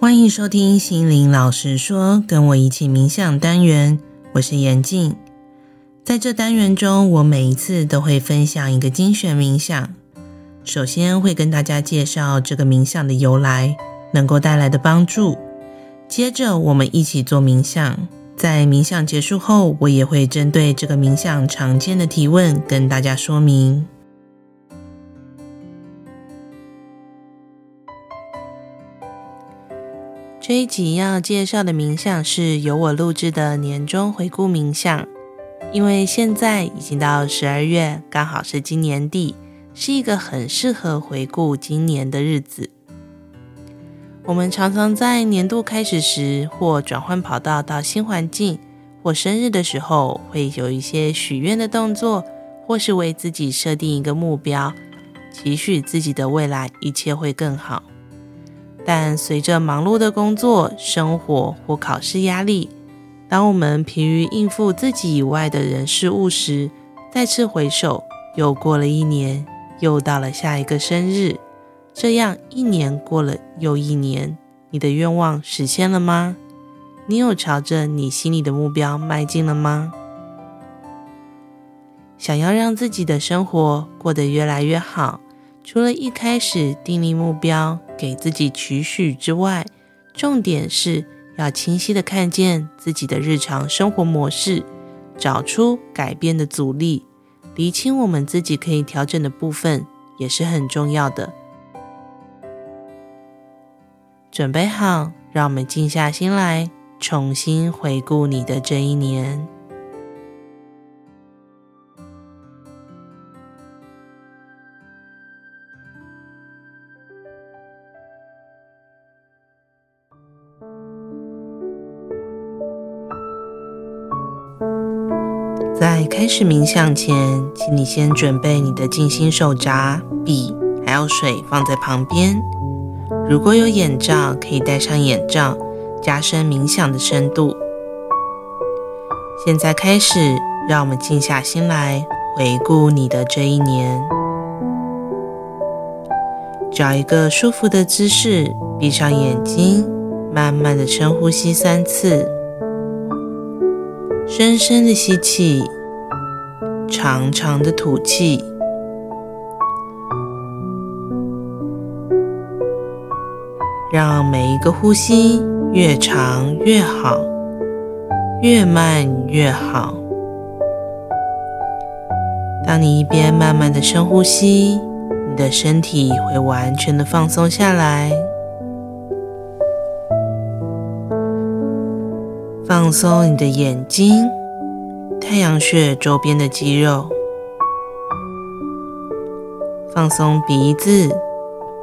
歡迎收聽心靈老師說，跟我一起冥想單元。我是妍靜，在這單元中，我每一次都會分享一個精選冥想。首先會跟大家介紹這個冥想的由來，能夠帶來的幫助。接着我們一起做冥想，在冥想結束後，我也會針對這個冥想常見的提問跟大家說明。這一集要介紹的冥想是由我錄制的年終回顧冥想，因為現在已經到十二月，剛好是今年底，是一個很適合回顧今年的日子。我們常常在年度開始時，或轉換跑道到新環境，或生日的時候，會有一些許願的動作，或是為自己設定一個目標，期許自己的未來一切會更好。但隨着忙碌的工作、生活或考試壓力，當我們疲於應付自己以外的人事物時，再次回首，又過了一年，又到了下一個生日。這樣一年過了又一年，你的願望實現了嗎？你有朝着你心裡的目標邁進了嗎？想要讓自己的生活過得越來越好。除了一開始訂立目標，給自己期許之外，重點是要清晰地看見自己的日常生活模式，找出改變的阻力，釐清我們自己可以調整的部分，也是很重要的。準備好，讓我們靜下心來，重新回顧你的這一年。開始冥想前，請你先準備你的靜心手札、筆，還有水放在旁邊。如果有眼罩，可以戴上眼罩，加深冥想的深度。現在開始，讓我們靜下心來，回顧你的這一年。找一個舒服的姿勢，閉上眼睛，慢慢的深呼吸三次，深深的吸氣。長長的吐氣，讓每一個呼吸越長越好，越慢越好。當你一邊慢慢的深呼吸，你的身體會完全的放鬆下來，放鬆你的眼睛。太陽穴周邊的肌肉放鬆，鼻子、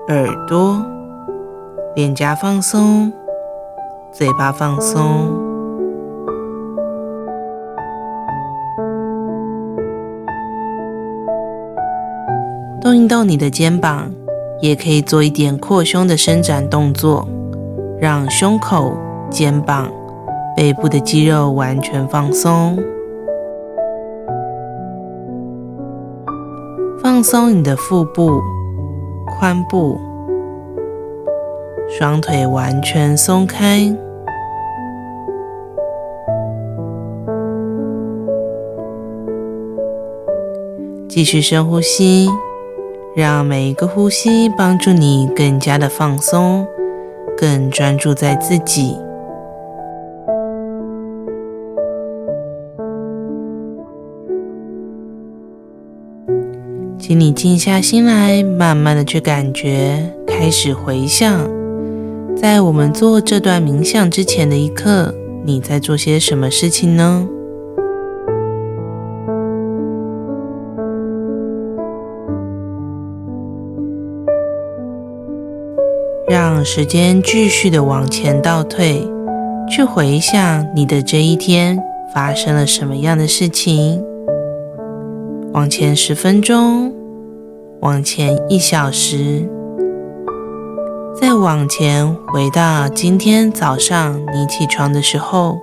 耳朵、臉頰放鬆，嘴巴放鬆，動一動你的肩膀，也可以做一點擴胸的伸展動作，讓胸口、肩膀、背部的肌肉完全放鬆。放鬆，鬆你的腹部、髖部，雙腿完全鬆開，繼續深呼吸，讓每一個呼吸幫助你更加的放鬆，更專注在自己。請你靜下心來，慢慢的去感覺，開始回想，在我們做這段冥想之前的一刻，你在做些什麼事情呢？讓時間繼續的往前倒退，去回想你的這一天發生了什麼樣的事情。往前十分鐘。往前一小時，再往前回到今天早上你起床的時候，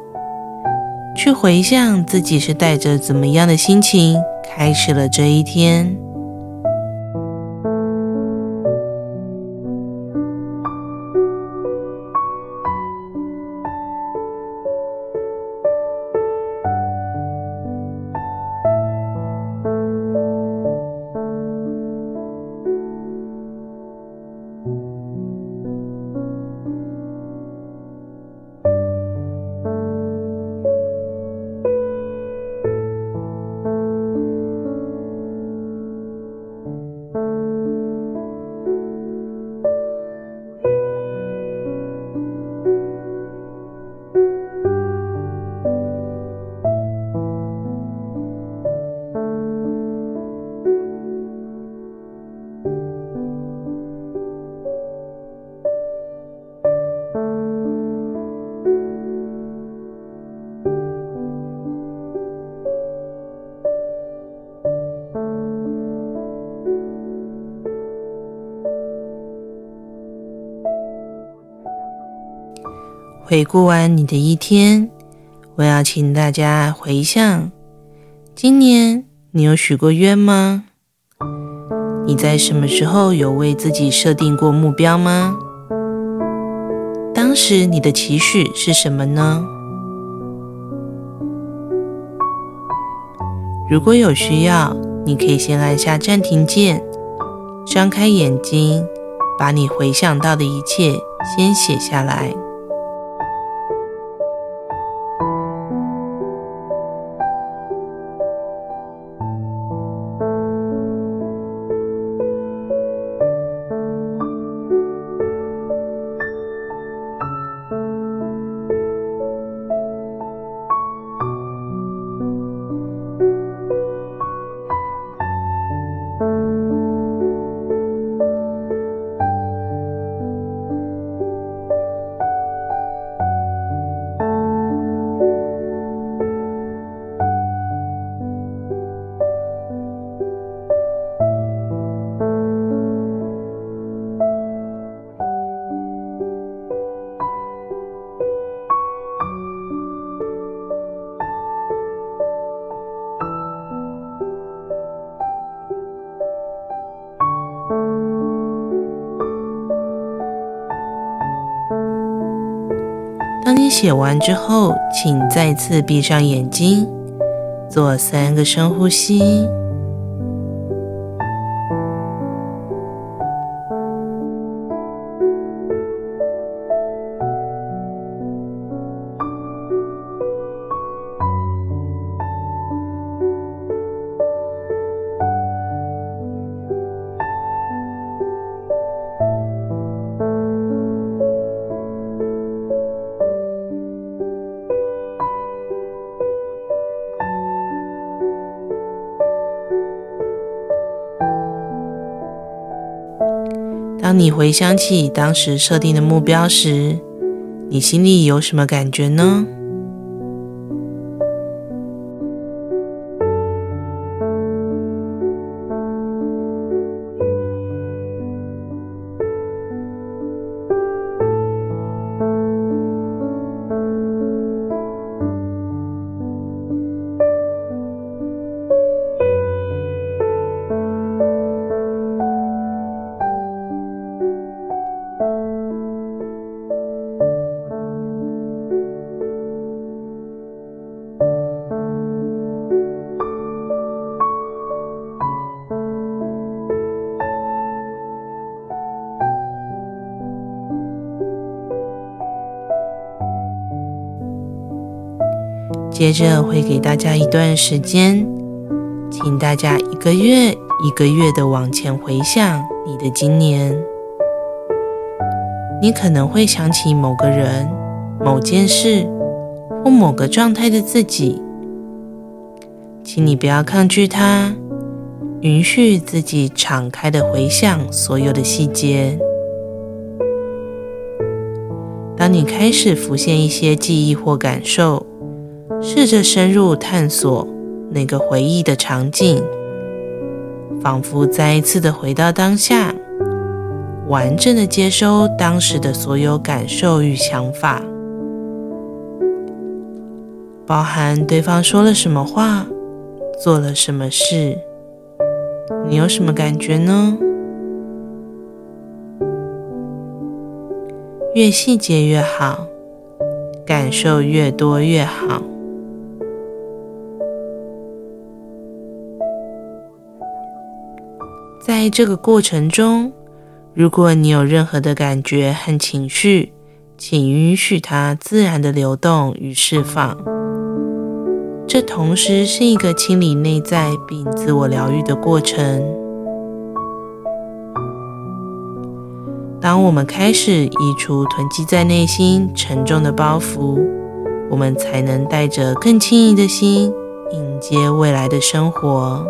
去回想自己是帶着怎麼樣的心情開始了這一天。回顧完你的一天，我要請大家回想：今年你有許過願嗎？你在什麼時候有為自己設定過目標嗎？當時你的期許是什麼呢？如果有需要，你可以先按下暫停鍵，張開眼睛，把你回想到的一切先寫下來。寫完之後，請再次閉上眼睛，做三個深呼吸。當你回想起當時設定的目標時，你心裡有什麼感覺呢？接着會給大家一段時間，請大家一個月一個月的往前回想你的今年。你可能會想起某個人、某件事或某個狀態的自己，請你不要抗拒它，允許自己敞開的回想所有的細節。當你開始浮現一些記憶或感受，試着深入探索那個回憶的場景，仿佛再一次的回到當下，完整的接收當時的所有感受與想法。包含對方說了什麼話，做了什麼事，你有什麼感覺呢？越細節越好，感受越多越好。在這個過程中，如果你有任何的感覺和情緒，請允許它自然的流動與釋放。這同時是一個清理內在並自我療癒的過程。當我們開始移除囤積在內心沉重的包袱，我們才能帶着更輕盈的心迎接未來的生活。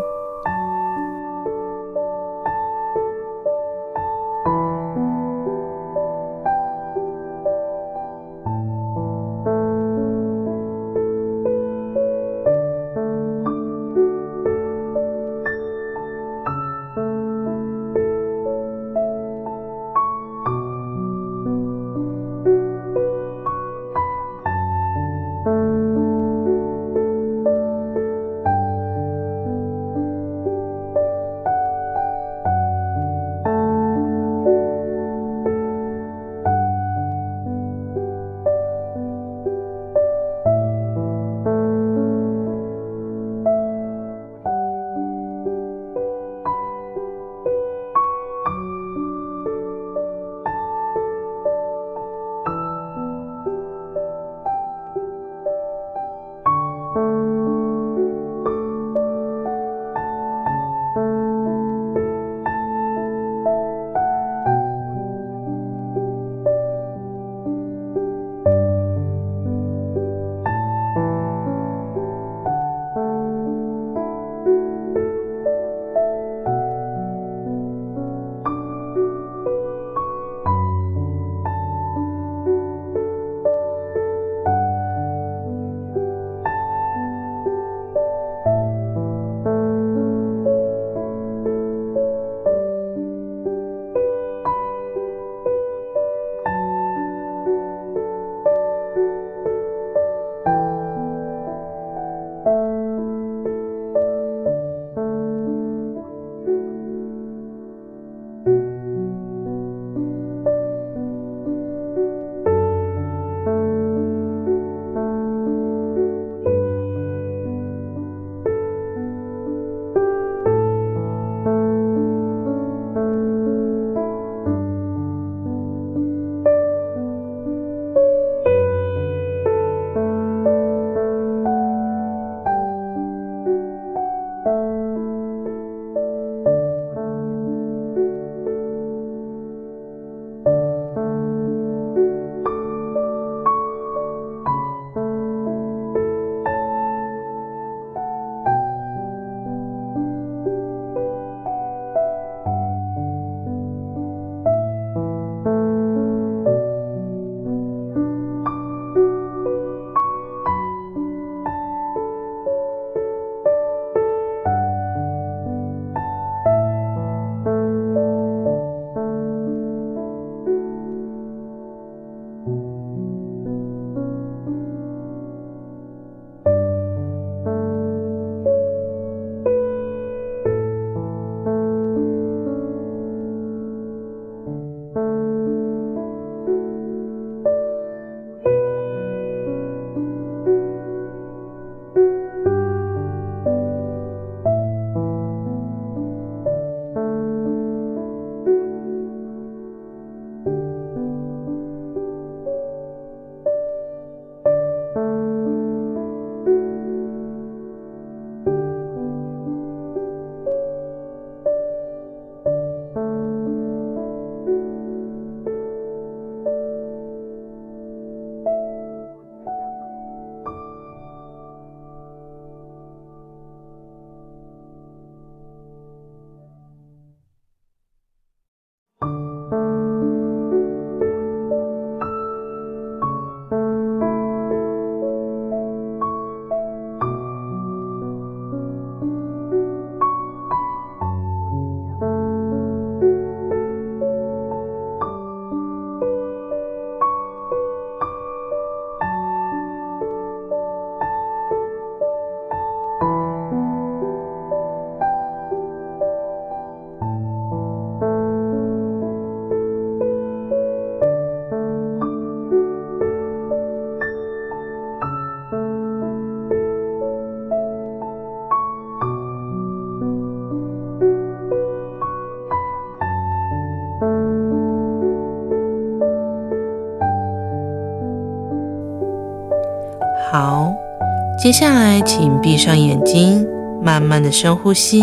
接下來，請閉上眼睛，慢慢的深呼吸，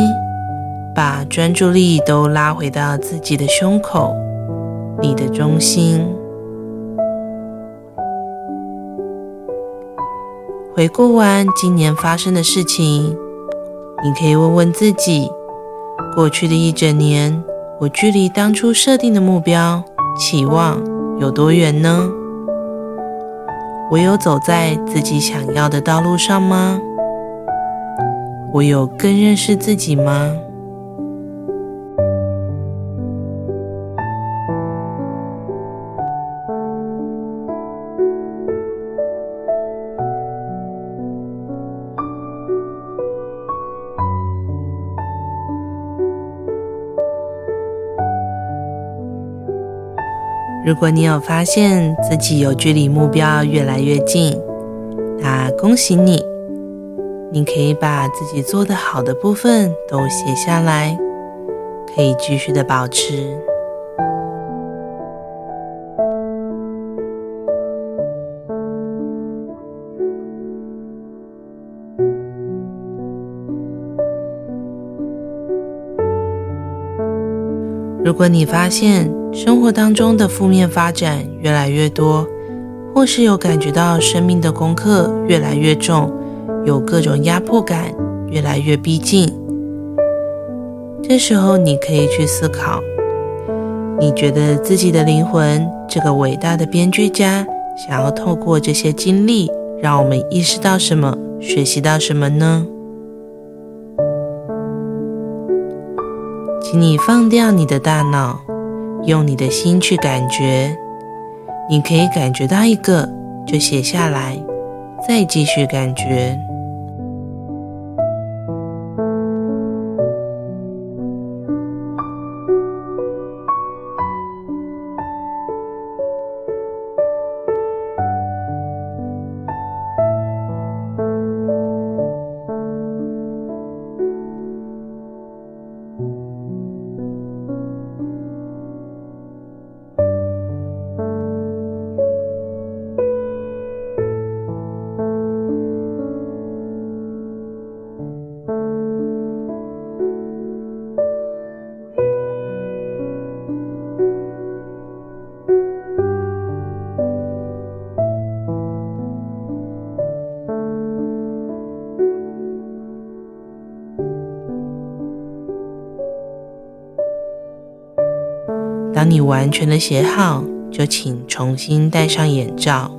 把專注力都拉回到自己的胸口，你的中心。回顧完今年發生的事情，你可以問問自己：過去的一整年，我距離當初設定的目標、期望有多遠呢？我有走在自己想要的道路上嗎？我有更認識自己嗎？如果你有發現自己有距離目標越來越近，那恭喜你，你可以把自己做的好的部分都寫下來，可以繼續的保持。如果你發現生活當中的負面發展越來越多，或是有感覺到生命的功課越來越重，有各種壓迫感越來越逼近，這時候你可以去思考，你覺得自己的靈魂，這個偉大的編劇家，想要透過這些經歷，讓我們意識到什麼，學習到什麼呢？你放掉你的大腦，用你的心去感覺。你可以感覺到一個，就寫下來，再繼續感覺。當你完全的寫好，就請重新戴上眼罩。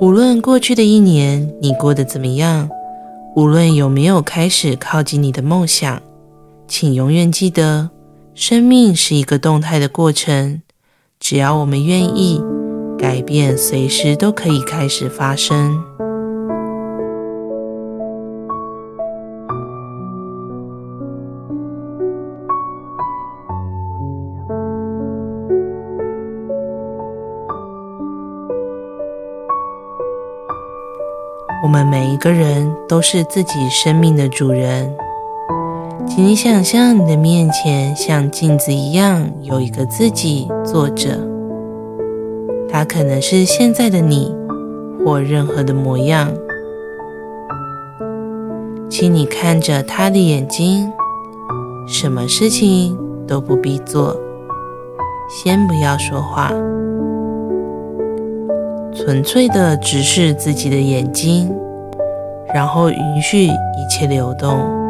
無論過去的一年你過得怎麼樣，無論有沒有開始靠近你的夢想，請永遠記得，生命是一個動態的過程，只要我們願意，改變隨時都可以開始發生。每個人都是自己生命的主人。請你想象你的面前像鏡子一樣有一個自己坐着，他可能是現在的你或任何的模樣。請你看着他的眼睛，什麼事情都不必做，先不要說話，純粹的直視自己的眼睛。然後，允許一切流動。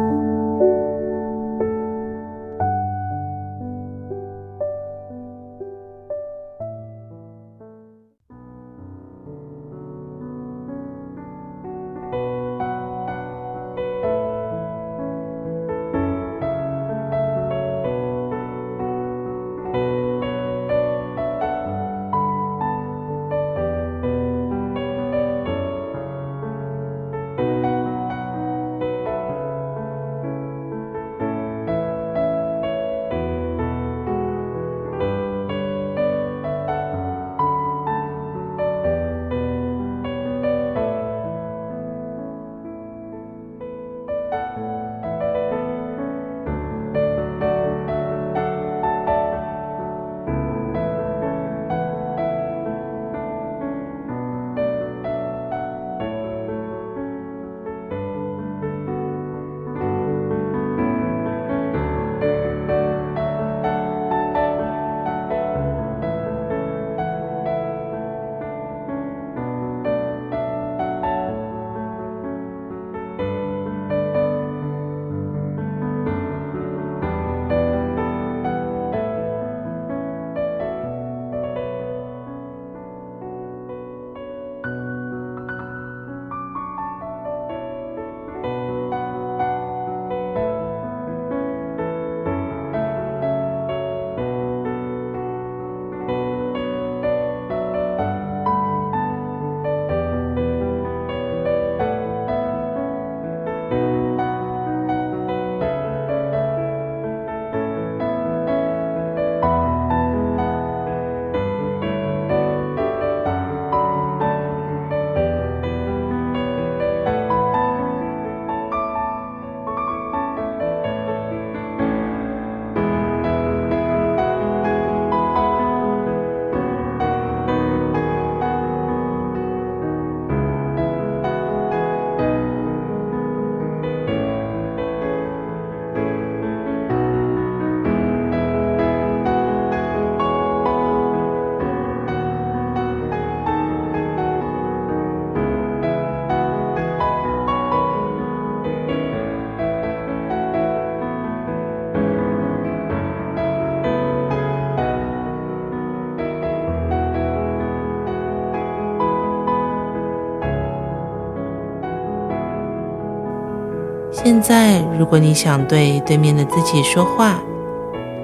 現在，如果你想對對面的自己說話，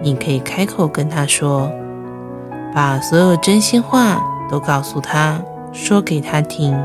你可以開口跟他說，把所有真心話都告訴他說給他聽。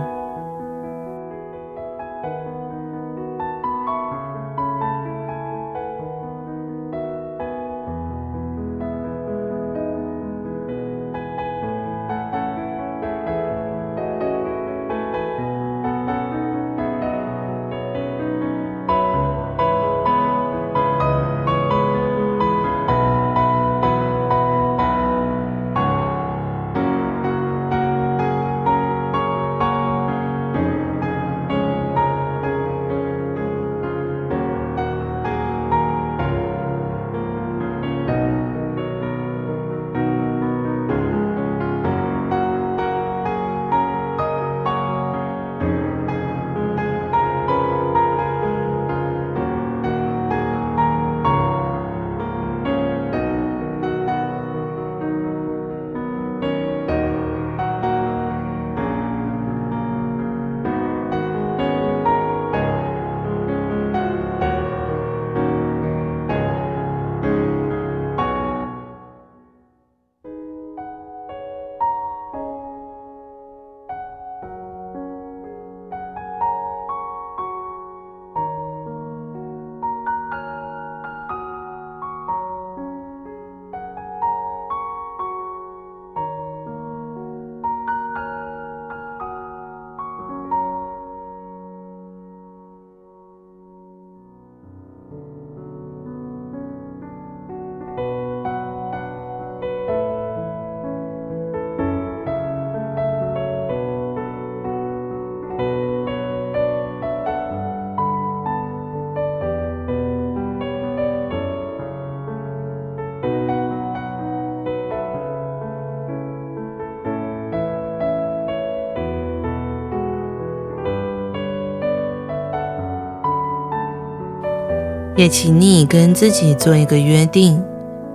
也請你跟自己做一個約定，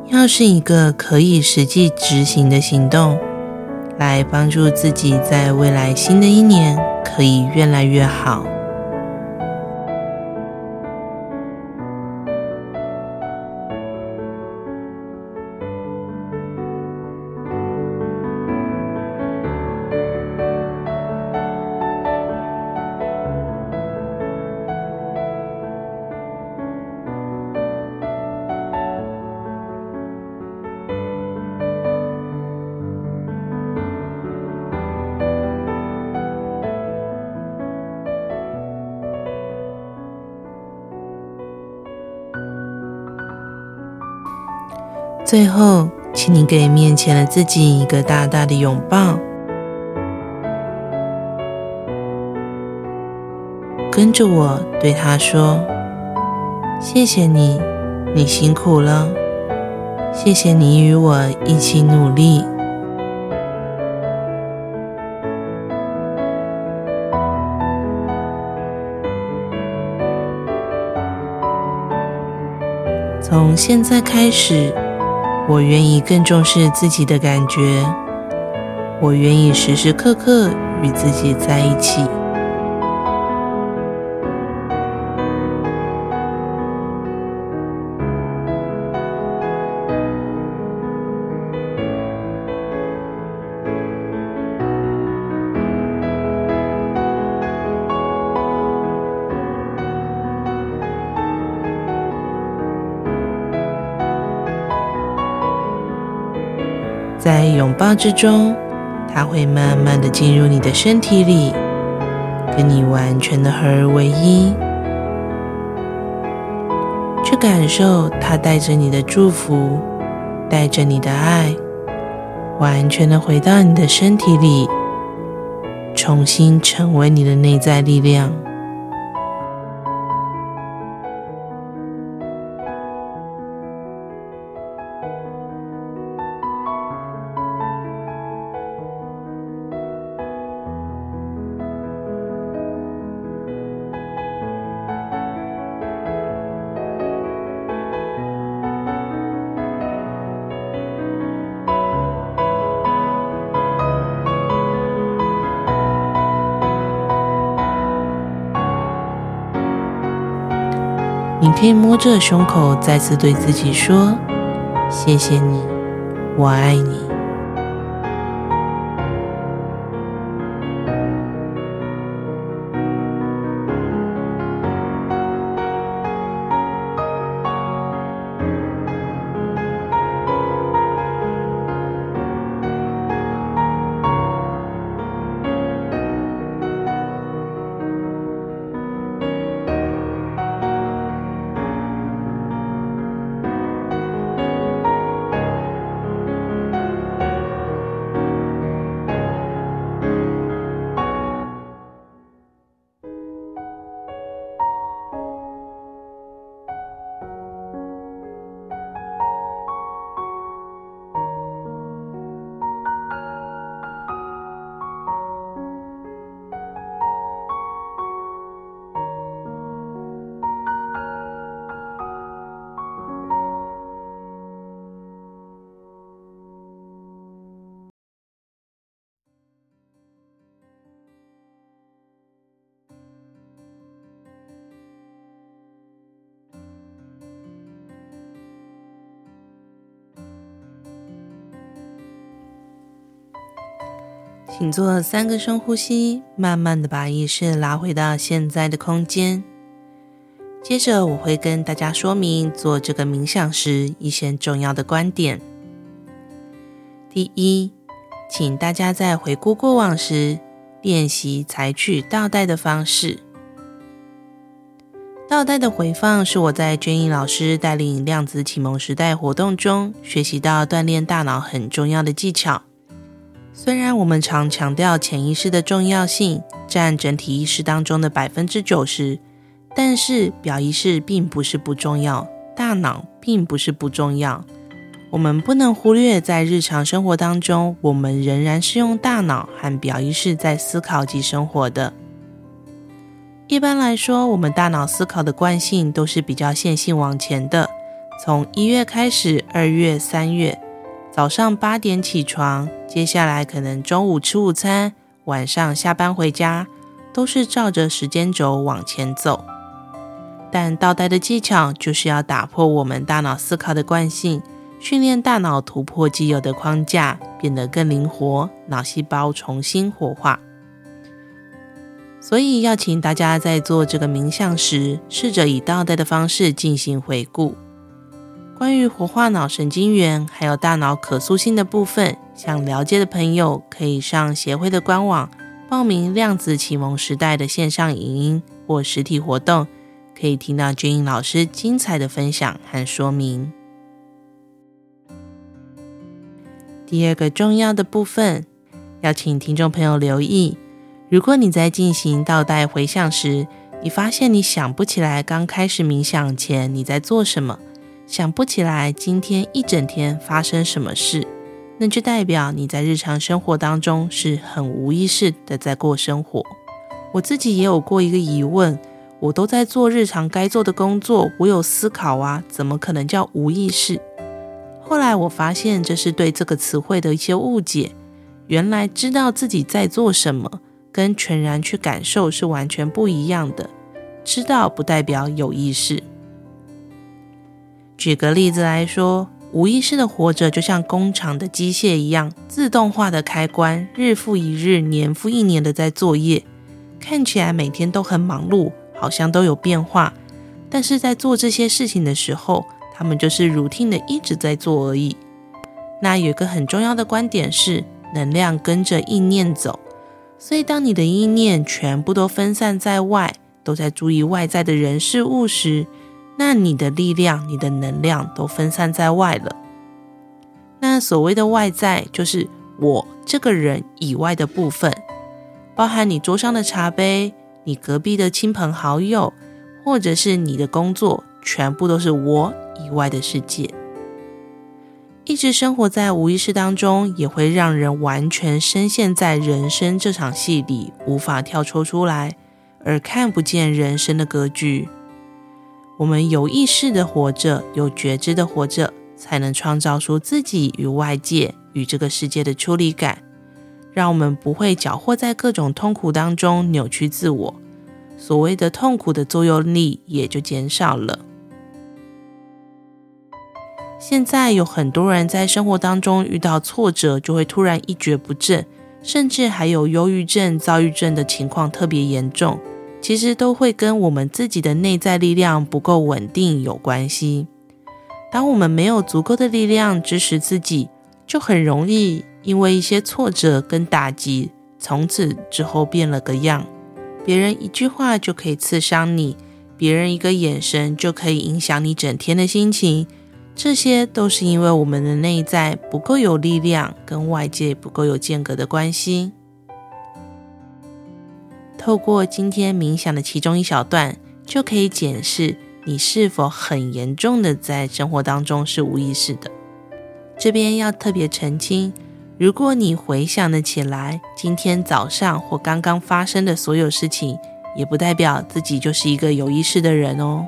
要是一個可以實際執行的行動，來幫助自己在未來新的一年可以越來越好。最後，請你給面前的自己一個大大的擁抱，跟着我對他說：“謝謝你，你辛苦了，謝謝你與我一起努力。”從現在開始。我願意更重視自己的感覺，我願意時時刻刻與自己在一起。擁抱之中，它會慢慢的進入你的身體裡，跟你完全的合而為一。去感受它帶着你的祝福，帶着你的愛，完全的回到你的身體裡，重新成為你的內在力量。你可以摸着胸口，再次對自己說：“謝謝你，我愛你。”請做三個深呼吸，慢慢的把意識拉回到現在的空間。接着，我會跟大家說明做這個冥想時一些重要的觀點。第一，請大家在回顧過往時，練習採取倒帶的方式。倒帶的回放是我在 Jenny 老師帶領量子啟蒙時代活動中學習到鍛鍊大腦很重要的技巧。雖然我們常強調潛意識的重要性，佔整體意識當中的百分之九十，但是表意識並不是不重要，大腦並不是不重要。我們不能忽略，在日常生活當中，我們仍然是用大腦和表意識在思考及生活的。一般來說，我們大腦思考的慣性都是比較線性往前的，從一月開始，二月、三月。早上八點起床，接下來可能中午吃午餐，晚上下班回家，都是照着時間軸往前走。但倒帶的技巧就是要打破我們大腦思考的慣性，訓練大腦突破既有的框架，變得更靈活，腦細胞重新活化。所以要請大家在做這個冥想時，試着以倒帶的方式進行回顧。關於活化腦神經元，還有大腦可塑性的部分，想了解的朋友可以上協會的官網報名量子啟蒙時代的線上影音或實體活動，可以聽到 Jenny 老師精彩的分享和說明。第二個重要的部分，要請聽眾朋友留意：如果你在進行倒帶回想時，你發現你想不起來剛開始冥想前你在做什麼。想不起來今天一整天發生什麼事，那就代表你在日常生活當中是很無意識的在過生活。我自己也有過一個疑問，我都在做日常該做的工作，我有思考啊，怎麼可能叫無意識？後來我發現這是對這個詞彙的一些誤解，原來知道自己在做什麼，跟全然去感受是完全不一樣的。知道不代表有意識。舉個例子來說，無意識的活着就像工廠的機械一樣，自動化的開關，日復一日、年復一年的在作業，看起來每天都很忙碌，好像都有變化。但是在做這些事情的時候，他們就是 routine 的一直在做而已。那有一個很重要的觀點是，能量跟着意念走，所以當你的意念全部都分散在外，都在注意外在的人事物時，那你的力量、你的能量都分散在外了。那所謂的外在，就是我這個人以外的部分，包含你桌上的茶杯、你隔壁的親朋好友，或者是你的工作，全部都是我以外的世界。一直生活在無意識當中，也會讓人完全深陷在人生這場戲裡，無法跳脫出來，而看不見人生的格局。我們有意識的活着有覺知的活着才能創造出自己與外界、與這個世界的出離感，讓我們不會攪和在各種痛苦當中扭曲自我，所謂的痛苦的作用力也就減少了。現在有很多人在生活當中遇到挫折，就會突然一蹶不振，甚至還有憂鬱症、躁鬱症的情況特別嚴重。其實都會跟我們自己的內在力量不夠穩定有關係。當我們沒有足夠的力量支持自己，就很容易因為一些挫折跟打擊，從此之後變了個樣。別人一句話就可以刺傷你，別人一個眼神就可以影響你整天的心情，這些都是因為我們的內在不夠有力量，跟外界不夠有間隔的關係。透過今天冥想的其中一小段，就可以檢視你是否很嚴重的在生活當中是無意識的。這邊要特別澄清，如果你回想得起來，今天早上或剛剛發生的所有事情，也不代表自己就是一個有意識的人哦。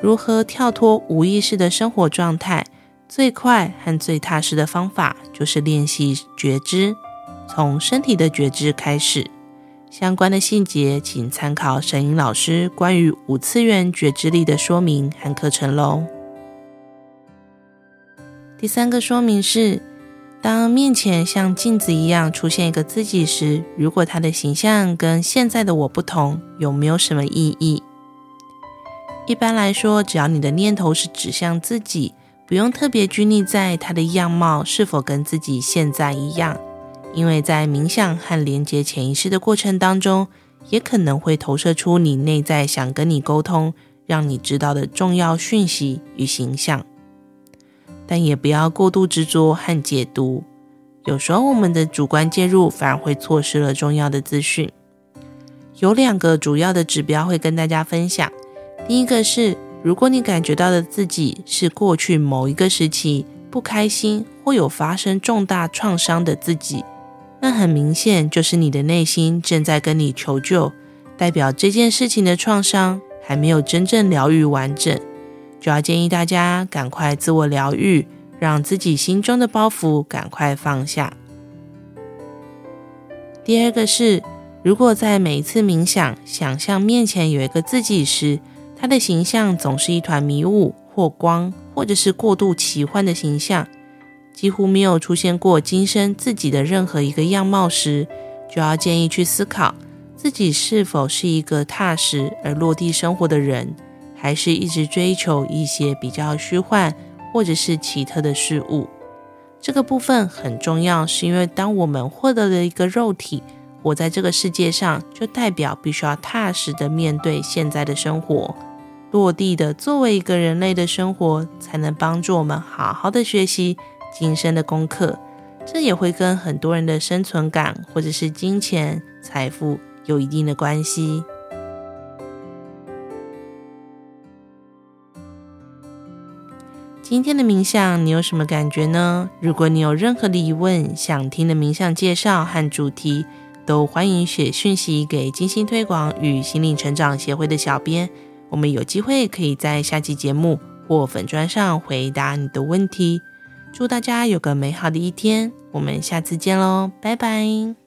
如何跳脫無意識的生活狀態，最快和最踏實的方法就是練習覺知，從身體的覺知開始。相關的細節，請參考沈伶老師關於五次元覺知力的說明和課程咯。第三個說明是：當面前像鏡子一樣出現一個自己時，如果他的形象跟現在的我不同，有沒有什麼意義？一般來說，只要你的念頭是指向自己，不用特別拘泥在他的樣貌是否跟自己現在一樣。因為在冥想和連接潛意識的過程當中，也可能會投射出你內在想跟你溝通、讓你知道的重要訊息與形象，但也不要過度執着和解讀。有時候我們的主觀介入反而會錯失了重要的資訊。有兩個主要的指標會跟大家分享。第一個是，如果你感覺到的自己是過去某一個時期不開心或有發生重大創傷的自己。那很明顯，就是你的內心正在跟你求救，代表這件事情的創傷還沒有真正療癒完整，就要建議大家趕快自我療癒，讓自己心中的包袱趕快放下。第二個是，如果在每一次冥想想象面前有一個自己時，他的形象總是一團迷霧，或光，或者是過度奇幻的形象。幾乎沒有出現過今生自己的任何一個樣貌時，就要建議去思考自己是否是一個踏實而落地生活的人，還是一直追求一些比較虛幻或者是奇特的事物。這個部分很重要，是因為當我們獲得了一個肉體，活在這個世界上，就代表必須要踏實的面對現在的生活，落地的作為一個人類的生活，才能幫助我們好好的學習。今生的功課，這也會跟很多人的生存感或者是金錢財富有一定的關係。今天的冥想你有什麼感覺呢？如果你有任何的疑問，想聽的冥想介紹和主題，都歡迎寫訊息給靜心推廣與心靈成長協會的小編，我們有機會可以在下期節目或粉專上回答你的問題。祝大家有個美好的一天，我們下次見嘍，拜拜。